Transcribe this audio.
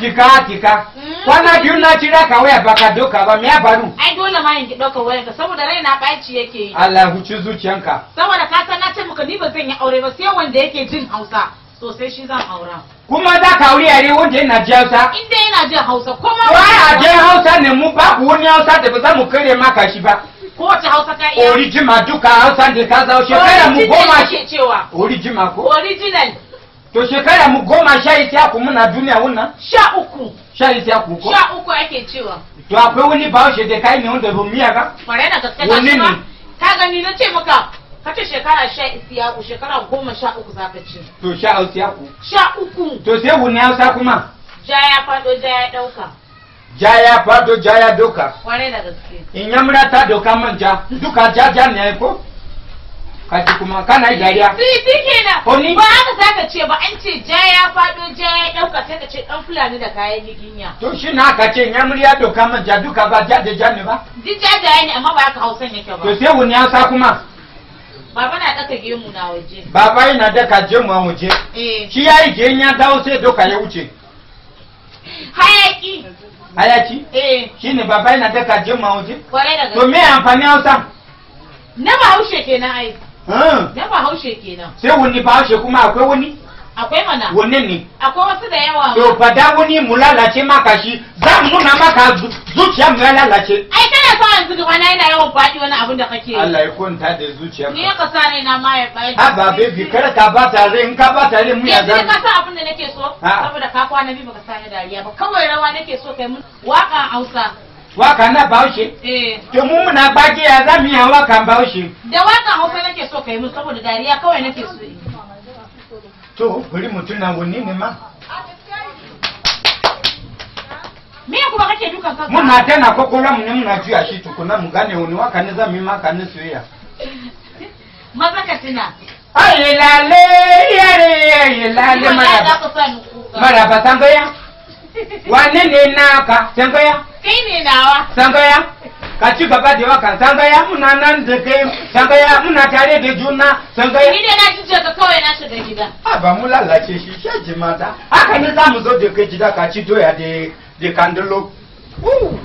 tika-tika. Mm. kwana biyu na cira ka waya baka doka ba me ya faru ai dole ma in doka waya ka saboda rai na baci yake yi Allah huci zuciyanka saboda ka san na ce muka ni ba zan yi aure ba sai wanda yake jin Hausa sosai shi zan aura kuma za ka aure yare wanda yana ji Hausa in dai yana jin Hausa kuma wa a jin Hausa ne mu ku wani Hausa da ba za mu kare maka shi ba kowace hausa ka iya orijima duka hausa da ka zaushe kada mu goma shi cewa orijima ko original to shekara mu goma sha ita ku muna duniya wannan sha uku sha ita ku ko sha uku ake cewa to akwai wani shi da kai ne wanda miya ga kware na gaske wani ne ka gani na ce maka ka ce shekara sha ita ku shekara goma sha uku za ka ce to sha ita ku sha uku to sai wani sa kuma ja ya fado ja ya dauka ja ya fado ja ya doka kware na gaske in yamra ta doka manja duka ja ja ne ko kaci kuma kana gariya dariya. Titi kenan. Ba haka za ce ba an ce ja ya faɗo ja ya ɗauka sai ka ce ɗan fulani da kayan giginya. To shi na ka ce ya murya doka man ja duka ba ja da ja ne ba? Ji ja da ne amma ba ka hausan yake ba. To sai wani ya sa kuma. Baba na daka gemu na waje. Baba yana daka gemu a waje. Eh. Shi ya yi gen ya dawo sai doka ya wuce. Hayaki. Hayaki? Eh. Shi ne baba yana daka gemu a waje? Kwarai da gaske. To me amfani hausa? Na ba haushe kenan ai. Na ba haushe kenan. Sai wani ba haushe kuma akwai wani? akwai mana wannan ne akwai wasu da yawa to da wani mu lalace maka shi za mu nuna maka zuciya mu ya lalace ai kana fa yanzu gaba na yana yawan faɗi wani abin da kake Allah ya kunta da zuciya ni ka sa ne na ma ya faɗi ha ba baby kar ka ba tare in ka ba tare mu ya zan ka sa abin da nake so saboda ka kwana bi baka sa dariya ba kawai rawa nake so kai mun waka Hausa waka na eh. to mun muna baki ya zamu yi waka baushe da waka hausa nake so kai mun saboda dariya kawai nake so to bari mu tuna wani ne ma me kuma kake muna tana kokoran mu ne muna juya shi tukuna mu gane wani waka ne zan yi maka ne soyayya maza ka tuna ai lale yare yare lale mara mara ba tangaya wanne ne naka tangaya kai ne nawa tangaya ka ci gaba da waka ya muna nan da kai sangaya muna tare da juna san ga ni da na ce ka kawai na shiga gida a ah, ba mu lalace shi ke mata haka ne za mu zo da kai gida kaci doya da kandalo Uh!